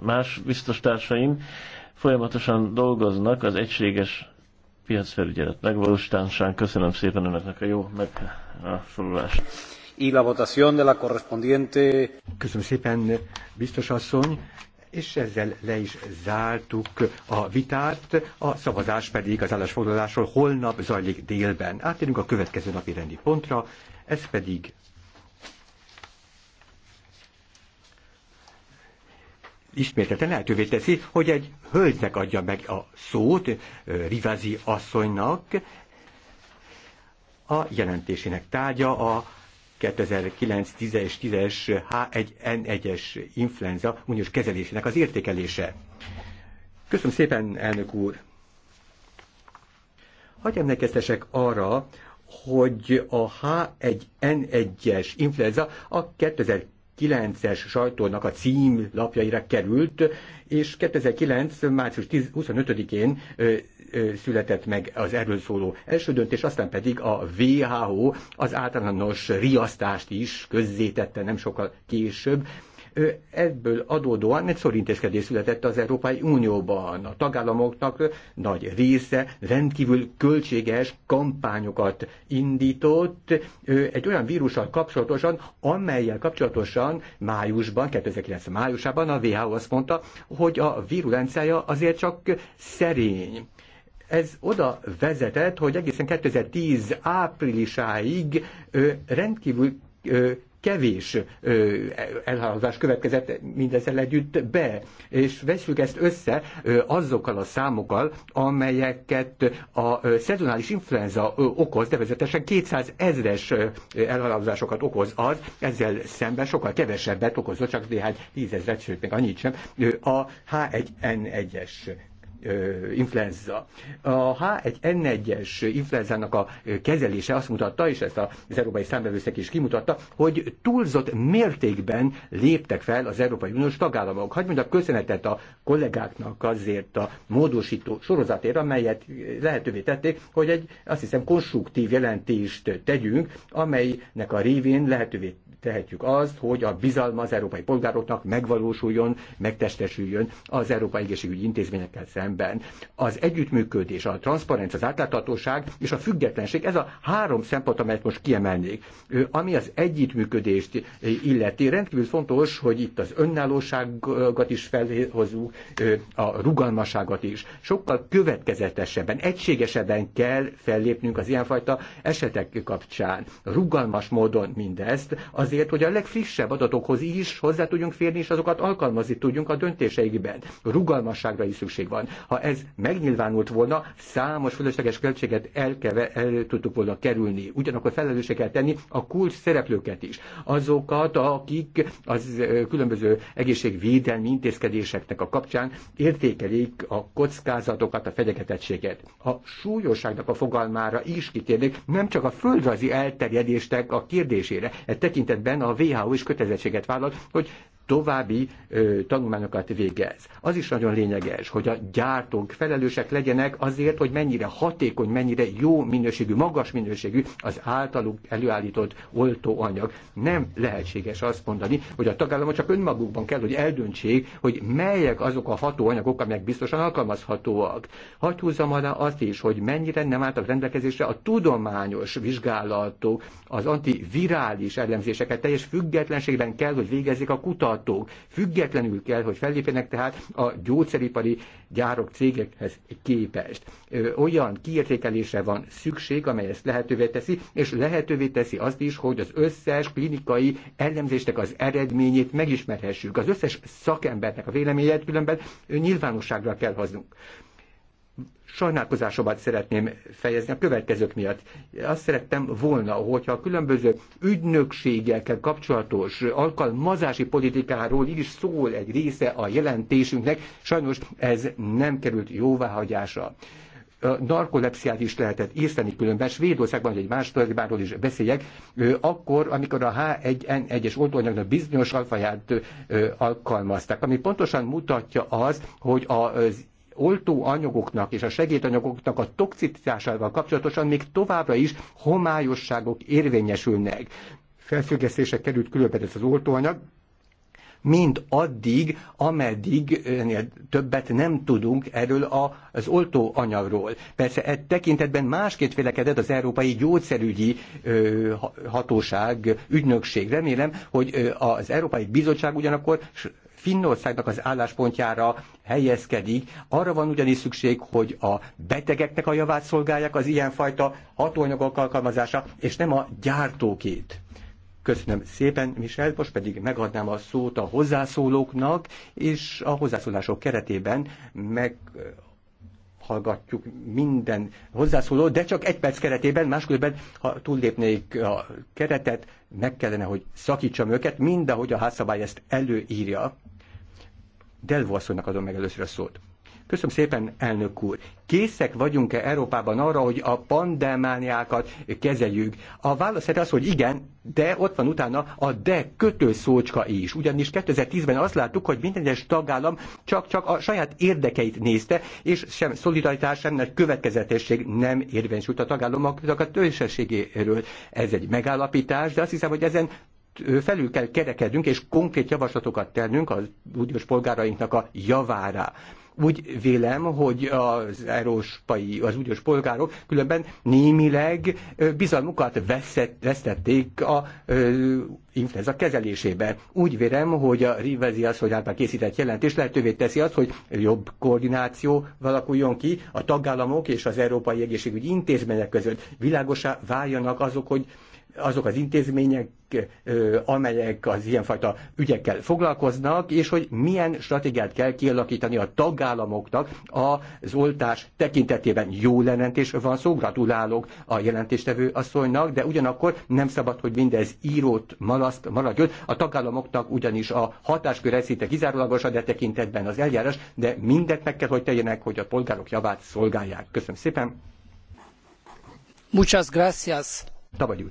más biztos társaim folyamatosan dolgoznak az egységes piacfelügyelet megvalósításán. Köszönöm szépen önöknek a jó megfoglalást. A votación de la correspondiente... Köszönöm szépen, biztos asszony és ezzel le is zártuk a vitát, a szavazás pedig az állásfoglalásról holnap zajlik délben. Átérünk a következő napi rendi pontra, ez pedig ismételten lehetővé teszi, hogy egy hölgynek adja meg a szót, Rivázi asszonynak. A jelentésének tárgya a 2009-10-es, 10-es H1N1-es influenza uniós kezelésének az értékelése. Köszönöm szépen, elnök úr! Hagy emlékeztesek arra, hogy a H1N1-es influenza a 2009 2009-es sajtónak a címlapjaira került, és 2009. március 25-én született meg az erről szóló első döntés, aztán pedig a WHO az általános riasztást is közzétette nem sokkal később, Ebből adódóan egy szorintézkedés született az Európai Unióban. A tagállamoknak nagy része rendkívül költséges kampányokat indított egy olyan vírussal kapcsolatosan, amelyel kapcsolatosan májusban, 2009 májusában a WHO azt mondta, hogy a virulenciája azért csak szerény ez oda vezetett, hogy egészen 2010 áprilisáig rendkívül kevés elhaladás következett mindezzel együtt be, és vessük ezt össze azokkal a számokkal, amelyeket a szezonális influenza okoz, nevezetesen 200 ezres elhaladásokat okoz az, ezzel szemben sokkal kevesebbet okozott, csak néhány tízezret, sőt még annyit sem, a H1N1-es influenza. A H1N1-es influenzának a kezelése azt mutatta, és ezt az Európai Számbevőszek is kimutatta, hogy túlzott mértékben léptek fel az Európai Uniós tagállamok. Hagyj mondjak köszönetet a kollégáknak azért a módosító sorozatért, amelyet lehetővé tették, hogy egy azt hiszem konstruktív jelentést tegyünk, amelynek a révén lehetővé tehetjük azt, hogy a bizalma az európai polgároknak megvalósuljon, megtestesüljön az európai egészségügyi intézményekkel szemben. Az együttműködés, a transzparencia, az átláthatóság és a függetlenség, ez a három szempont, amelyet most kiemelnék. Ami az együttműködést illeti, rendkívül fontos, hogy itt az önállóságot is felhozunk, a rugalmasságot is. Sokkal következetesebben, egységesebben kell fellépnünk az ilyenfajta esetek kapcsán. Rugalmas módon mindezt az azért, hogy a legfrissebb adatokhoz is hozzá tudjunk férni, és azokat alkalmazni tudjunk a döntéseikben. Rugalmasságra is szükség van. Ha ez megnyilvánult volna, számos fölösleges költséget keve, el tudtuk volna kerülni. Ugyanakkor felelősé kell tenni a kulcs szereplőket is. Azokat, akik az különböző egészségvédelmi intézkedéseknek a kapcsán értékelik a kockázatokat, a fenyegetettséget. A súlyosságnak a fogalmára is kitérnék, nem csak a földrajzi elterjedéstek a kérdésére. E tekintet tekintetben a WHO is kötelezettséget vállal, hogy további ö, tanulmányokat végez. Az is nagyon lényeges, hogy a gyártók felelősek legyenek azért, hogy mennyire hatékony, mennyire jó minőségű, magas minőségű az általuk előállított oltóanyag. Nem lehetséges azt mondani, hogy a tagállamok csak önmagukban kell, hogy eldöntsék, hogy melyek azok a hatóanyagok, amelyek biztosan alkalmazhatóak. Hagy húzzam alá azt is, hogy mennyire nem álltak rendelkezésre a tudományos vizsgálatok, az antivirális elemzéseket teljes függetlenségben kell, hogy végezzék a kutat gyártók függetlenül kell, hogy fellépjenek tehát a gyógyszeripari gyárok cégekhez képest. Olyan kiértékelésre van szükség, amely ezt lehetővé teszi, és lehetővé teszi azt is, hogy az összes klinikai ellenzéstek az eredményét megismerhessük. Az összes szakembernek a véleményét különben nyilvánosságra kell hoznunk sajnálkozásomat szeretném fejezni a következők miatt. Azt szerettem volna, hogyha a különböző ügynökségekkel kapcsolatos alkalmazási politikáról is szól egy része a jelentésünknek, sajnos ez nem került jóváhagyásra narkolepsziát is lehetett észleni különben Svédországban, vagy egy más tulajdonbáról is beszéljek, akkor, amikor a H1N1-es oltóanyagnak bizonyos alfaját alkalmazták, ami pontosan mutatja az, hogy az oltóanyagoknak és a segédanyagoknak a toxicitásával kapcsolatosan még továbbra is homályosságok érvényesülnek. Felfüggesztése került különben ez az oltóanyag, mind addig, ameddig ennél többet nem tudunk erről az oltóanyagról. Persze egy tekintetben másként vélekedett az Európai Gyógyszerügyi Hatóság ügynökség. Remélem, hogy az Európai Bizottság ugyanakkor Finnországnak az álláspontjára helyezkedik. Arra van ugyanis szükség, hogy a betegeknek a javát szolgálják az ilyenfajta hatóanyagok alkalmazása, és nem a gyártókét. Köszönöm szépen, Michel, most pedig megadnám a szót a hozzászólóknak, és a hozzászólások keretében meg hallgatjuk minden hozzászóló, de csak egy perc keretében, máskülönben, ha túllépnék a keretet, meg kellene, hogy szakítsam őket, mindahogy a házszabály ezt előírja. Delvo asszonynak adom meg először a szót. Köszönöm szépen, elnök úr. Készek vagyunk-e Európában arra, hogy a pandemániákat kezeljük? A válasz erre hát az, hogy igen, de ott van utána a de kötőszócska is. Ugyanis 2010-ben azt láttuk, hogy minden egyes tagállam csak-csak a saját érdekeit nézte, és sem szolidaritás, sem nagy következetesség nem érvényesült a tagállamoknak a tőzsességéről. Ez egy megállapítás, de azt hiszem, hogy ezen felül kell kerekednünk, és konkrét javaslatokat tennünk az uniós polgárainknak a javára. Úgy vélem, hogy az európai, az uniós polgárok különben némileg bizalmukat vesztették a influenza kezelésébe. Úgy vélem, hogy a Rivezi asszony által készített jelentés lehetővé teszi azt, hogy jobb koordináció valakuljon ki a tagállamok és az európai egészségügyi intézmények között. Világosá váljanak azok, hogy azok az intézmények, amelyek az ilyenfajta ügyekkel foglalkoznak, és hogy milyen stratégiát kell kialakítani a tagállamoknak az oltás tekintetében. Jó jelentés van szó, gratulálok a jelentéstevő asszonynak, de ugyanakkor nem szabad, hogy mindez írót malaszt maradjon. A tagállamoknak ugyanis a hatáskör szinte kizárólagos a de tekintetben az eljárás, de mindent meg kell, hogy tegyenek, hogy a polgárok javát szolgálják. Köszönöm szépen! Muchas gracias. Tabagy úr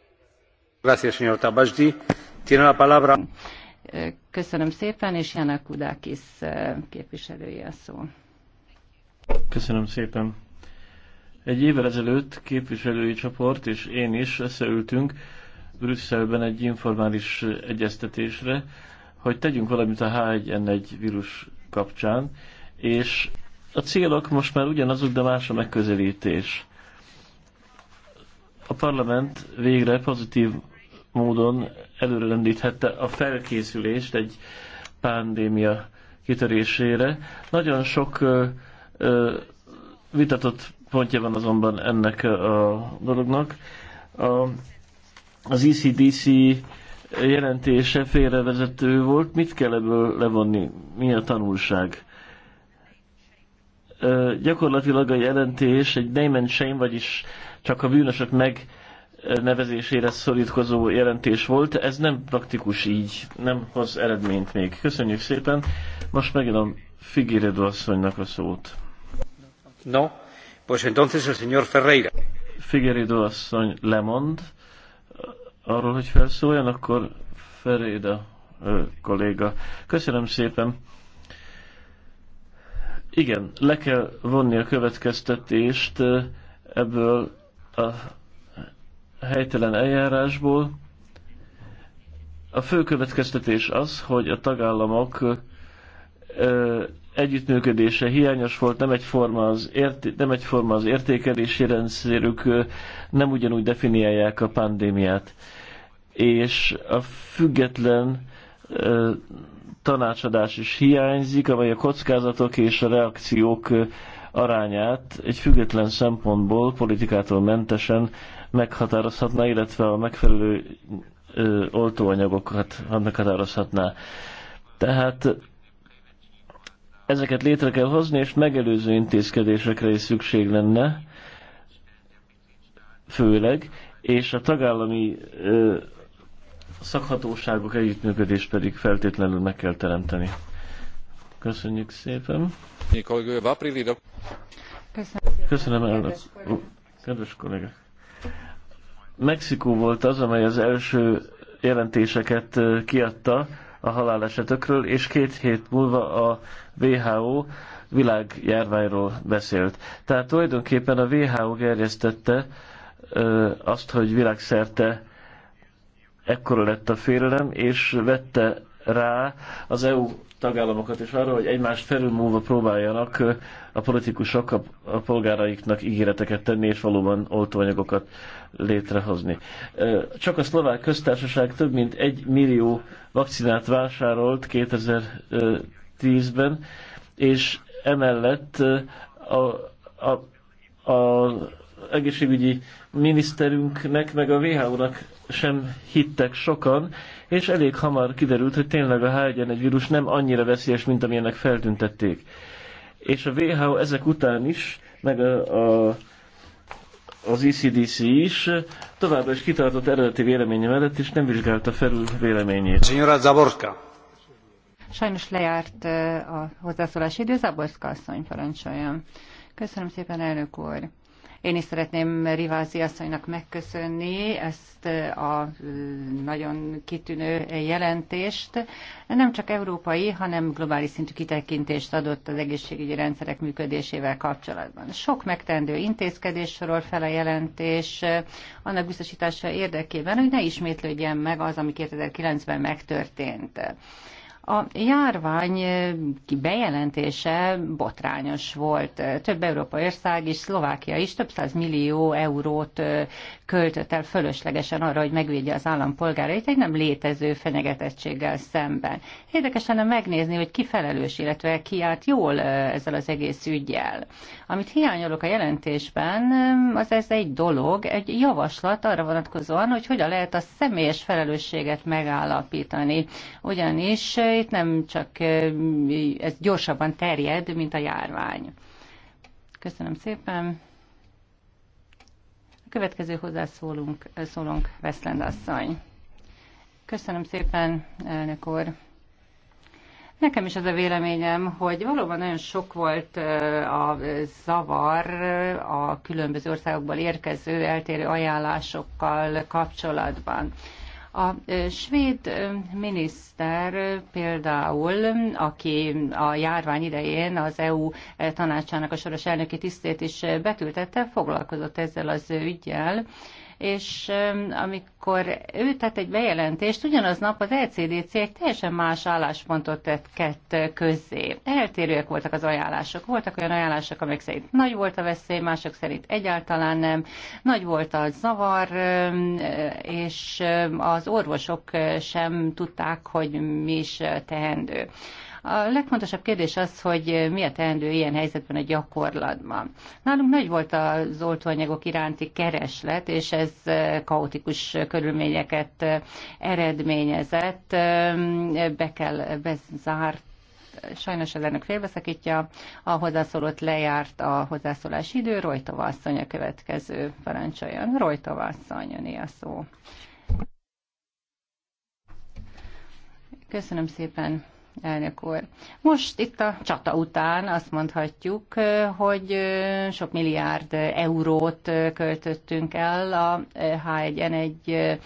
Köszönöm szépen, és Jana Kudákis eh, képviselői a szó. Köszönöm szépen. Egy évvel ezelőtt képviselői csoport és én is összeültünk Brüsszelben egy informális egyeztetésre, hogy tegyünk valamit a H1N1 vírus kapcsán, és a célok most már ugyanazok, de más a megközelítés. A parlament végre pozitív módon előrelendíthette a felkészülést egy pandémia kitörésére. Nagyon sok ö, ö, vitatott pontja van azonban ennek a dolognak. A, az ECDC jelentése félrevezető volt. Mit kell ebből levonni? Mi a tanulság? Ö, gyakorlatilag a jelentés egy name and shame, vagyis csak a bűnösök meg nevezésére szorítkozó jelentés volt. Ez nem praktikus így, nem hoz eredményt még. Köszönjük szépen. Most megírom Figueredo asszonynak a szót. No, pues entonces el señor Ferreira. Figueredo asszony lemond arról, hogy felszóljon, akkor Ferreira kolléga. Köszönöm szépen. Igen, le kell vonni a következtetést ebből a helytelen eljárásból. A fő következtetés az, hogy a tagállamok együttműködése hiányos volt, nem egyforma az, érté- nem egyforma az értékelési rendszerük, nem ugyanúgy definiálják a pandémiát. És a független ö, tanácsadás is hiányzik, amely a kockázatok és a reakciók arányát egy független szempontból politikától mentesen meghatározhatná, illetve a megfelelő ö, oltóanyagokat meghatározhatná. Tehát ezeket létre kell hozni, és megelőző intézkedésekre is szükség lenne, főleg, és a tagállami ö, szakhatóságok együttműködés pedig feltétlenül meg kell teremteni. Köszönjük szépen. Köszönöm, Köszönöm elnök. Kedves kollégák. Mexikó volt az, amely az első jelentéseket kiadta a halálesetekről, és két hét múlva a WHO világjárványról beszélt. Tehát tulajdonképpen a WHO gerjesztette azt, hogy világszerte ekkora lett a félelem, és vette rá az EU tagállamokat is arra, hogy egymást felülmúlva próbáljanak a politikusok a, a polgáraiknak ígéreteket tenni és valóban oltóanyagokat létrehozni. Csak a szlovák köztársaság több mint egy millió vakcinát vásárolt 2010-ben, és emellett a, a, a egészségügyi miniszterünknek, meg a WHO-nak sem hittek sokan, és elég hamar kiderült, hogy tényleg a H1N1 vírus nem annyira veszélyes, mint amilyennek feltüntették. És a WHO ezek után is, meg a, a, az ECDC is továbbra is kitartott eredeti véleménye mellett, és nem vizsgálta felül véleményét. Signora Zaborska. Sajnos lejárt a hozzászólási idő, Zaborska asszony parancsoljon. Köszönöm szépen, elnök úr. Én is szeretném Rivázi asszonynak megköszönni ezt a nagyon kitűnő jelentést. Nem csak európai, hanem globális szintű kitekintést adott az egészségügyi rendszerek működésével kapcsolatban. Sok megtendő intézkedés sorol fel a jelentés annak biztosítása érdekében, hogy ne ismétlődjen meg az, ami 2009-ben megtörtént. A járvány eh, bejelentése botrányos volt. Több európai ország és Szlovákia is több száz millió eurót eh, költött el fölöslegesen arra, hogy megvédje az állampolgárait egy nem létező fenyegetettséggel szemben. Érdekes lenne megnézni, hogy ki felelős, illetve ki állt jól eh, ezzel az egész ügyjel. Amit hiányolok a jelentésben, az ez egy dolog, egy javaslat arra vonatkozóan, hogy hogyan lehet a személyes felelősséget megállapítani. Ugyanis itt nem csak ez gyorsabban terjed, mint a járvány. Köszönöm szépen. A következő hozzászólunk, szólunk Veszlend asszony. Köszönöm szépen, elnök úr. Nekem is az a véleményem, hogy valóban nagyon sok volt a zavar a különböző országokból érkező eltérő ajánlásokkal kapcsolatban. A svéd miniszter például, aki a járvány idején az EU tanácsának a soros elnöki tisztét is betültette, foglalkozott ezzel az ügyjel, és amikor ő tett egy bejelentést, ugyanaznap az LCDC egy teljesen más álláspontot tett kett közzé. Eltérőek voltak az ajánlások. Voltak olyan ajánlások, amelyek szerint nagy volt a veszély, mások szerint egyáltalán nem. Nagy volt a zavar, és az orvosok sem tudták, hogy mi is tehendő. A legfontosabb kérdés az, hogy mi a teendő ilyen helyzetben a gyakorlatban. Nálunk nagy volt az oltóanyagok iránti kereslet, és ez kaotikus körülményeket eredményezett. Be kell bezárt sajnos az ennek félbeszakítja, a hozzászólót lejárt a hozzászólási idő, Rojtova asszony a következő parancsoljon. Rojtova asszony, a szó. Köszönöm szépen, elnök úr. Most itt a csata után azt mondhatjuk, hogy sok milliárd eurót költöttünk el a H1N1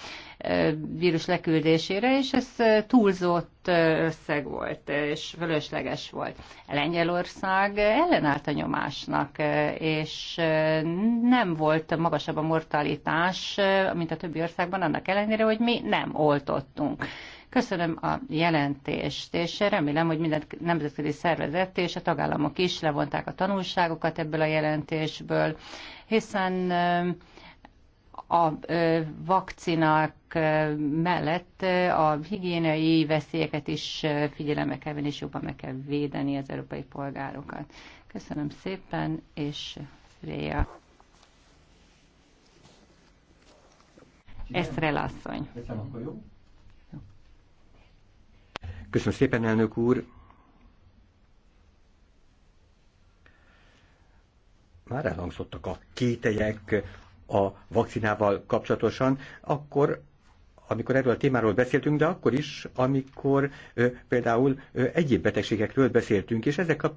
vírus leküldésére, és ez túlzott összeg volt, és fölösleges volt. Lengyelország ellenállt a nyomásnak, és nem volt magasabb a mortalitás, mint a többi országban, annak ellenére, hogy mi nem oltottunk. Köszönöm a jelentést, és remélem, hogy minden nemzetközi szervezet és a tagállamok is levonták a tanulságokat ebből a jelentésből, hiszen a vakcinák mellett a higiéniai veszélyeket is figyelembe kell venni, és jobban meg kell védeni az európai polgárokat. Köszönöm szépen, és Réa. Eszrel asszony. Köszönöm, akkor jó. Köszönöm szépen, elnök úr. Már elhangzottak a kételyek a vakcinával kapcsolatosan, akkor amikor erről a témáról beszéltünk, de akkor is, amikor ö, például ö, egyéb betegségekről beszéltünk, és ezek a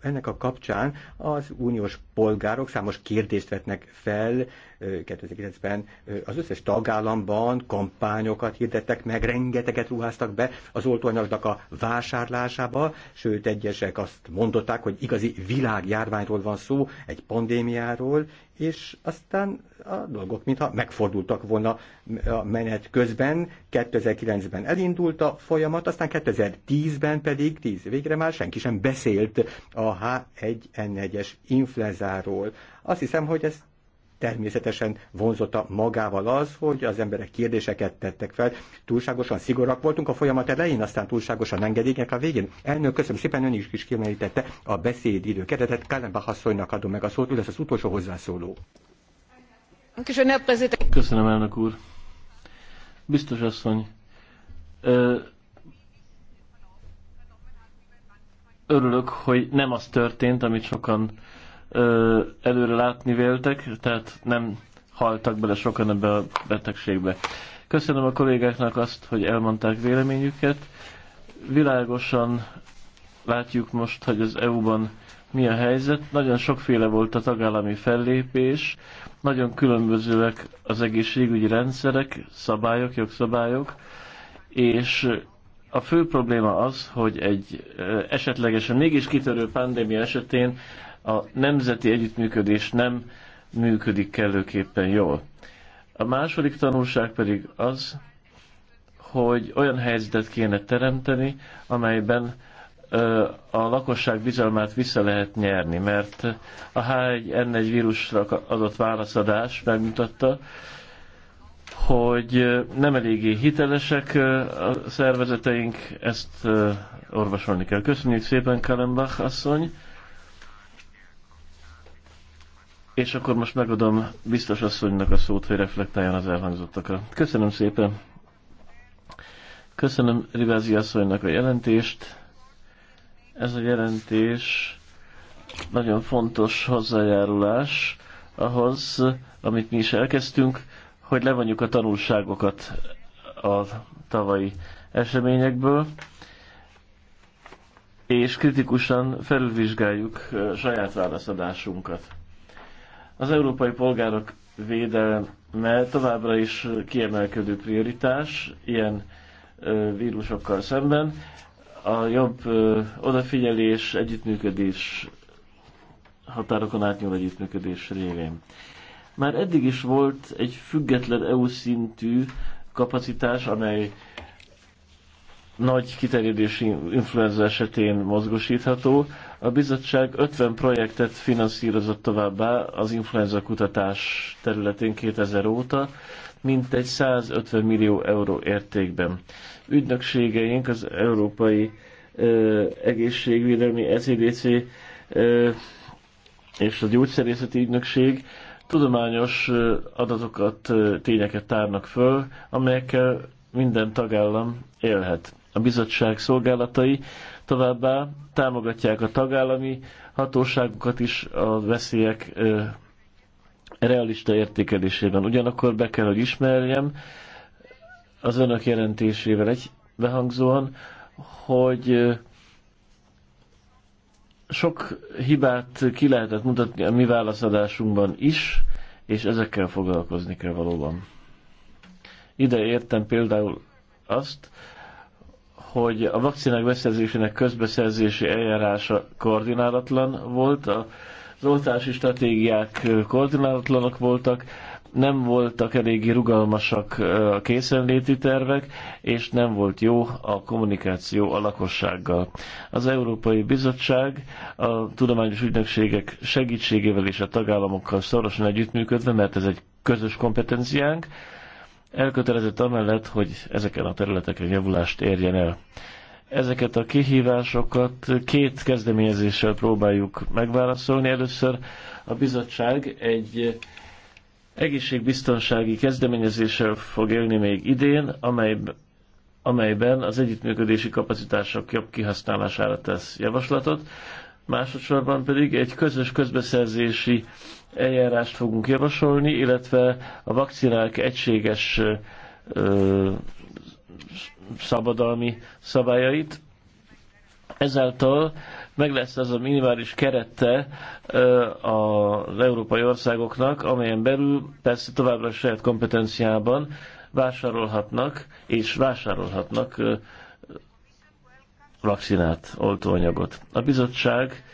ennek a kapcsán az uniós polgárok számos kérdést vetnek fel, 2009-ben az összes tagállamban kampányokat hirdettek meg, rengeteget ruháztak be az oltóanyagnak a vásárlásába, sőt egyesek azt mondották, hogy igazi világjárványról van szó, egy pandémiáról, és aztán a dolgok mintha megfordultak volna a menet közben. 2009-ben elindult a folyamat, aztán 2010-ben pedig, 10 végre már senki sem beszélt a H1N1-es influenzáról. Azt hiszem, hogy ezt természetesen vonzotta magával az, hogy az emberek kérdéseket tettek fel. Túlságosan szigorak voltunk a folyamat elején, aztán túlságosan engedékenyek a végén. Elnök, köszönöm szépen, ön is, kis kiemelítette a beszéd időkeretet. Kálenbach asszonynak adom meg a szót, ő lesz az utolsó hozzászóló. Köszönöm, elnök úr. Biztos asszony, örülök, hogy nem az történt, amit sokan előre látni véltek, tehát nem haltak bele sokan ebbe a betegségbe. Köszönöm a kollégáknak azt, hogy elmondták véleményüket. Világosan látjuk most, hogy az EU-ban mi a helyzet. Nagyon sokféle volt a tagállami fellépés, nagyon különbözőek az egészségügyi rendszerek, szabályok, jogszabályok, és a fő probléma az, hogy egy esetlegesen mégis kitörő pandémia esetén a nemzeti együttműködés nem működik kellőképpen jól. A második tanulság pedig az, hogy olyan helyzetet kéne teremteni, amelyben a lakosság bizalmát vissza lehet nyerni, mert a H1N1 vírusra adott válaszadás megmutatta, hogy nem eléggé hitelesek a szervezeteink, ezt orvosolni kell. Köszönjük szépen, Kalembach asszony! És akkor most megadom biztos asszonynak a szót, hogy reflektáljon az elhangzottakra. Köszönöm szépen. Köszönöm Rivázi asszonynak a jelentést. Ez a jelentés nagyon fontos hozzájárulás ahhoz, amit mi is elkezdtünk, hogy levonjuk a tanulságokat a tavalyi eseményekből, és kritikusan felülvizsgáljuk saját válaszadásunkat. Az európai polgárok védelme továbbra is kiemelkedő prioritás ilyen vírusokkal szemben. A jobb odafigyelés, együttműködés, határokon átnyúló együttműködés révén. Már eddig is volt egy független EU szintű kapacitás, amely nagy kiterjedési influenza esetén mozgosítható. A bizottság 50 projektet finanszírozott továbbá az influenza kutatás területén 2000 óta, mintegy 150 millió euró értékben. Ügynökségeink az Európai ö, Egészségvédelmi ECDC ö, és a Gyógyszerészeti Ügynökség tudományos adatokat, tényeket tárnak föl, amelyekkel minden tagállam élhet a bizottság szolgálatai, továbbá támogatják a tagállami hatóságokat is a veszélyek realista értékelésében. Ugyanakkor be kell, hogy ismerjem az önök jelentésével egy behangzóan, hogy sok hibát ki lehetett mutatni a mi válaszadásunkban is, és ezekkel foglalkozni kell valóban. Ide értem például azt, hogy a vakcinák beszerzésének közbeszerzési eljárása koordinálatlan volt, az oltási stratégiák koordinálatlanok voltak, nem voltak eléggé rugalmasak a készenléti tervek, és nem volt jó a kommunikáció a lakossággal. Az Európai Bizottság a tudományos ügynökségek segítségével és a tagállamokkal szorosan együttműködve, mert ez egy közös kompetenciánk, elkötelezett amellett, hogy ezeken a területeken javulást érjen el. Ezeket a kihívásokat két kezdeményezéssel próbáljuk megválaszolni. Először a bizottság egy egészségbiztonsági kezdeményezéssel fog élni még idén, amelyben amelyben az együttműködési kapacitások jobb kihasználására tesz javaslatot, másodszorban pedig egy közös közbeszerzési eljárást fogunk javasolni, illetve a vakcinák egységes ö, szabadalmi szabályait. Ezáltal meg lesz az a minimális kerette az európai országoknak, amelyen belül persze továbbra a saját kompetenciában vásárolhatnak és vásárolhatnak vakcinát, oltóanyagot. A bizottság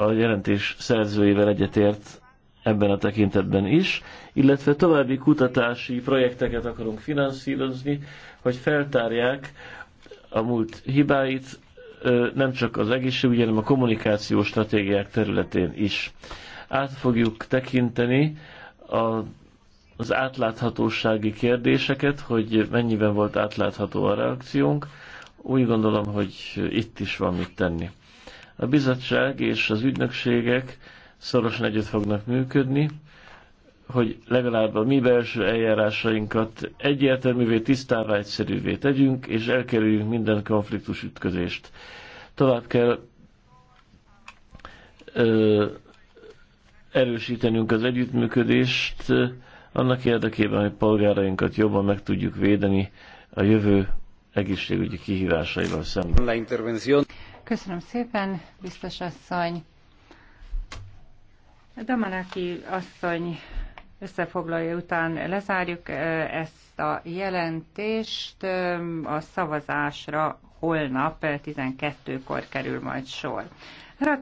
a jelentés szerzőjével egyetért ebben a tekintetben is, illetve további kutatási projekteket akarunk finanszírozni, hogy feltárják a múlt hibáit, nem csak az egészségügyi, hanem a kommunikáció stratégiák területén is. Át fogjuk tekinteni a, az átláthatósági kérdéseket, hogy mennyiben volt átlátható a reakciónk. Úgy gondolom, hogy itt is van mit tenni. A bizottság és az ügynökségek szorosan együtt fognak működni, hogy legalább a mi belső eljárásainkat egyértelművé, tisztává, egyszerűvé tegyünk, és elkerüljünk minden konfliktus ütközést. Tovább kell ö, erősítenünk az együttműködést annak érdekében, hogy polgárainkat jobban meg tudjuk védeni a jövő egészségügyi kihívásaival szemben. Köszönöm szépen, biztos asszony. Damanaki asszony összefoglalja után lezárjuk ezt a jelentést. A szavazásra holnap 12-kor kerül majd sor.